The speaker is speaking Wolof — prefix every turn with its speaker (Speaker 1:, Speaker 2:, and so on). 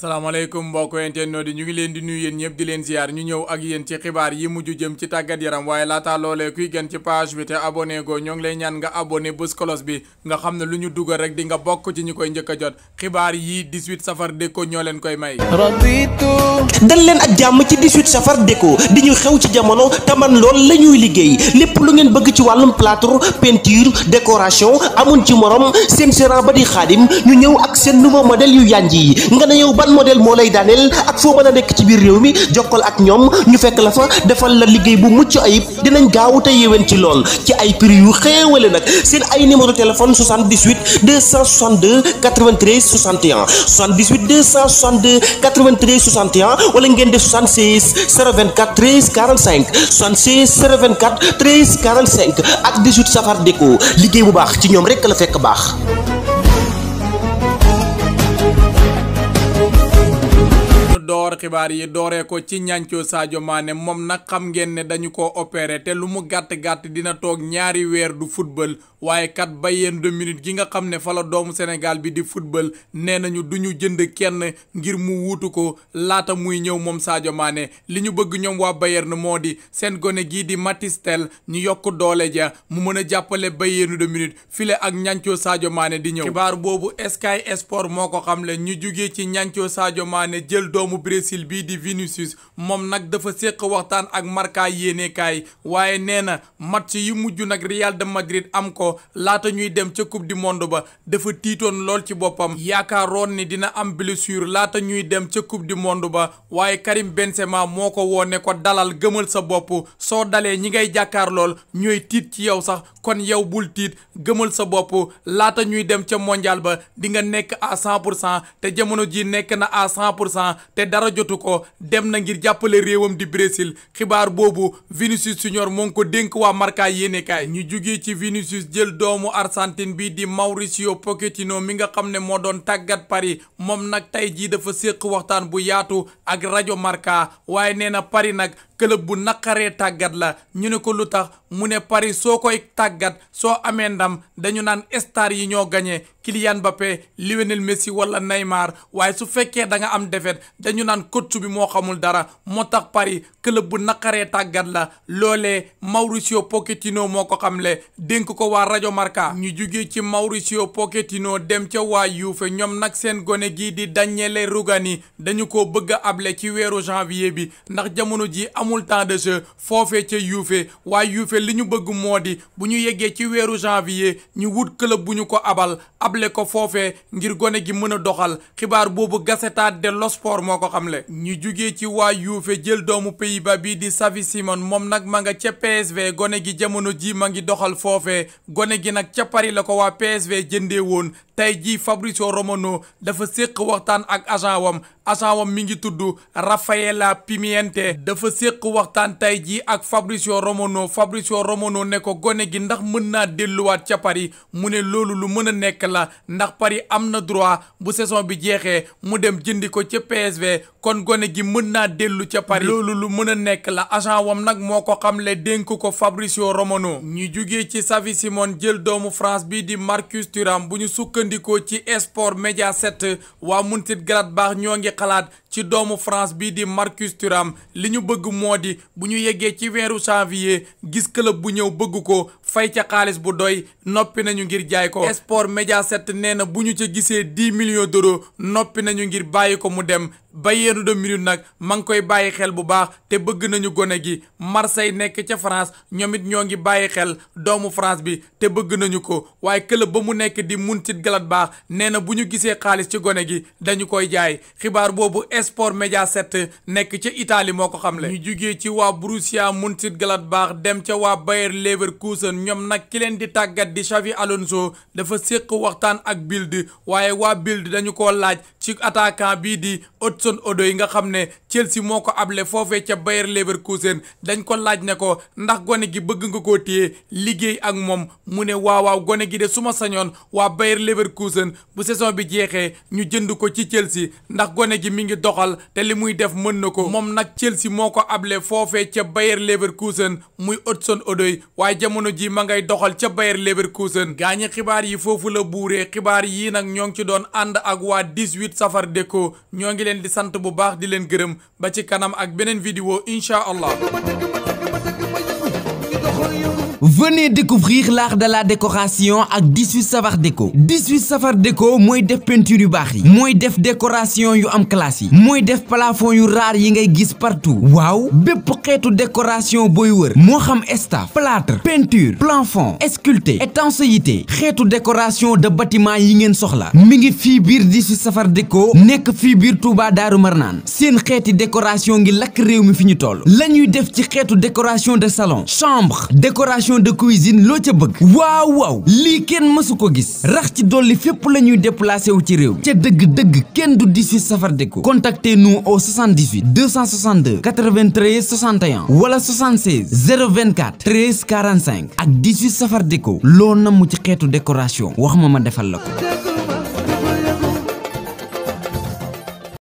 Speaker 1: salaamaaleykum mbokk internautes yi ñu ngi leen di nuyu yéen ñëpp di leen ziar ñu ñëw ak yéen ci xibaar yi mujj jëm ci tàggat yaram waaye laata loolee kuy gën ci page bi te abonné go ñoo ngi lay ñaan nga abone bés kolos bi nga xam ne lu ñu dugal rek di nga bokk ci ñu koy njëkk a jot xibaar yi 18 safar déko ñoo leen koy may
Speaker 2: dal leen ak jàmm ci 18 safar di ñu xew ci jamono taman lool la ñuy liggéey lépp lu ngeen bëgg ci wàllum plâtre peinture décoration amun ci morom seen seran ba di xaadim ñu ñëw ak seen nouveau modèle yu yanj yi nga ne yow ban modèle moo lay daaneel ak foo mën a nekk ci biir réew mi jokkal ak ñoom ñu fekk la fa defal la liggéey bu mucc ayib dinañ gaaw te yéwén ci lool ci ay prix yu xéewale nag seen ay numéro téléphone 78 262 93 61 78 262 93 61 wala ngeen def 76 024 13 45 76 024 13 45 ak 18 safar déco liggéey bu baax ci ñoom rekk la fekk baax
Speaker 1: xibaar yi dooree ko ci ñancoo Sadio Mané moom na xam ngeen ne dañu ko opéré te lu mu gàtt-gàtt dina toog ñaari weer du football waaye kat Bayern de Munich gi nga xam ne fa la doomu Sénégal bi di football nee nañu du ñu jënd kenn ngir mu wuutu ko laata muy ñëw moom Sadio Mané li ñu bëgg ñoom waa na moo di seen gone gii di Mathys ñu yokk doole ja mu mën a jàppale Bayern de Munich file ak ñancoo Sadio Mané di ñëw xibaar boobu Sky Sport moo ko domicile bii di Vinicius moom nag dafa séq waxtaan ak Marca yéenekaay waaye nee na match yu mujj nag Real de Madrid am ko laata ñuy dem ca coupe di monde ba dafa tiitoon lool ci boppam yaakaaroon ni dina am blessure laata ñuy dem ca coupe di monde ba waaye Karim Benzema moo ko woone ko dalal gëmal sa bopp soo dalee ñi ngay jàkkaar lool ñooy tiit ci yow sax kon yow bul tiit gëmal sa bopp laata ñuy dem ca mondial ba di nekk à cent pour cent te jamono ji jotu ko dem na ngir jàppale réewam di Brésil xibaar boobu Vinicius Junior moo ngi ko dénk waa marka yéenekaay ñu jugee ci Vinicius jël doomu Argentine bi di Mauricio Pochettino mi nga xam ne moo doon tàggat Paris moom nag tey jii dafa séq waxtaan bu yaatu ak rajo marka waaye nee na Paris nag club bu naqaree tàggat la ñu ne ko lu tax mu ne Paris soo koy tàggat soo amee ndam dañu naan star yi ñoo gagné Kylian Mbappé Lionel Messi wala Neymar waaye su fekkee da nga am défaite dañu naan coach bi moo xamul dara moo tax Paris club bu naqaree tàggat la loolee Mauricio Pochettino moo ko xamle dénk ko waa rajo marka ñu jugee ci Mauricio Pochettino dem ca waa Juve ñoom nag seen gone gii di Daniele Rugani dañu ko bëgg a able ci weeru janvier bi ndax jamono amul temps de jeu foofee ca Juve waay Juve li ñu bëgg moo di bu ñu yeggee ci weeru janvier ñu wut club bu ñu ko abal able ko foofee ngir gone gi mën a doxal xibaar boobu Gazzetta de Sport moo ko xam xamle ñu jugee ci waa Juve jël doomu Pays-Bas bii di Xavi Simons moom nag ma nga ca PSV gone gi jamono jii ma ngi doxal foofee gone gi nag ca Paris la ko waa PSV jëndee woon tey jii Fabrizio Romano dafa séq waxtaan ak agent wam agent wam mi ngi tudd Raffaella Pimiente dafa séq waxtaan tey jii ak Fabrizio Romano Fabrizio Romano ne ko gone gi ndax mën naa delluwaat ca Paris mu ne loolu lu mën a nekk la ndax Paris am na droit bu saison bi jeexee mu dem jëndi ko ca PSV kon gone gi mën naa dellu ca Paris loolu lu mën a nekk la agent wam nag moo ko xamle dénk ko Fabrizio Romano ñu jugee ci Xavi Simons jël doomu France bii di Marcus sukkandikoo ci Sport Média 7 waa baax ñoo ngi xalaat ci doomu France bii di Marcus Thuram li ñu bëgg moo di bu ñu yeggee ci weeru janvier gis club bu ñëw bëgg ko fay ca xaalis bu doy noppi nañu ngir jaay ko. Sport Mediaset nee na bu ñu ca gisee dix millions d'euros noppi nañu ngir bàyyi ko mu dem. Bayern de Munich nag ma ngi koy bàyyi xel bu baax te bëgg nañu gone gi Marseille nekk ca France ñoom it ñoo ngi bàyyi xel doomu France bi te bëgg nañu ko waaye club ba mu nekk di Mönchengladbach nee na bu ñu gisee xaalis ci gone gi dañu koy jaay xibaar sport média 7 nekk ca Italie moo ko xamle. ñu jugee ci waa Borussia Mönchengladbach dem ca waa Bayer Leverkusen ñoom nag ki leen di tàggat di Xavi Alonso dafa séq waxtaan ak Bild waaye waa Bild dañu ko laaj ci attaquant bii di Hudson Odoi nga xam ne Chelsea moo ko able foofee ca Bayer Leverkusen dañ ko laaj ne ko ndax gone gi bëgg nga koo téye liggéey ak moom mu ne waaw waaw gone gi de suma sañoon waa Bayer Leverkusen bu saison bi jeexee ñu jënd ko ci Chelsea ndax gone gi mi ngi doxal te li muy def mën na ko moom nag Chelsea moo ko able foofee ca Bayer Leverkusen muy Hudson Odoi waaye jamono ji ma ngay doxal ca Bayer Leverkusen gaañi xibaar yi foofu la buuree xibaar yii nag ñoo ngi ci doon ànd ak waa Safar deko ñoo ngi leen di sant bu baax di leen gërëm ba ci kanam ak beneen vidéo incha allah
Speaker 3: venez découvrir l'art de la décoration ak 18 safar déco 18 safar déco mooy def peinture yu baax yi mooy def décoration yu am classe yi mooy def plafond yu raar yi ngay gis partout waaw bépp xeetu décoration booy wër moo xam estaf plâtre peinture plafond sculpté étanchéité xeetu décoration de bâtiment yi ngeen soxla mi ngi fii biir 18 safar déco nekk fii biir Touba Daaru Marnaan seen xeeti décoration ngi lakk réew mi fi ñu toll la ñuy def ci xeetu décoration de salon création de cuisine loo ca bëgg waaw waaw lii kenn mësu ko gis rax ci dolli fépp la ñuy déplacé wu ci réew mi ca dëgg-dëgg kenn du 18 safar déco contactez-nous au 78 262 93 61 wala 76 024 13 45 ak 18 safar déco loo namm ci xeetu
Speaker 1: décoration wax ma ma defal la ko